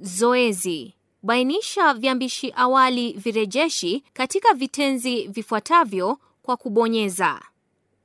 Zoezi: bainisha viambishi awali virejeshi katika vitenzi vifuatavyo kwa kubonyeza.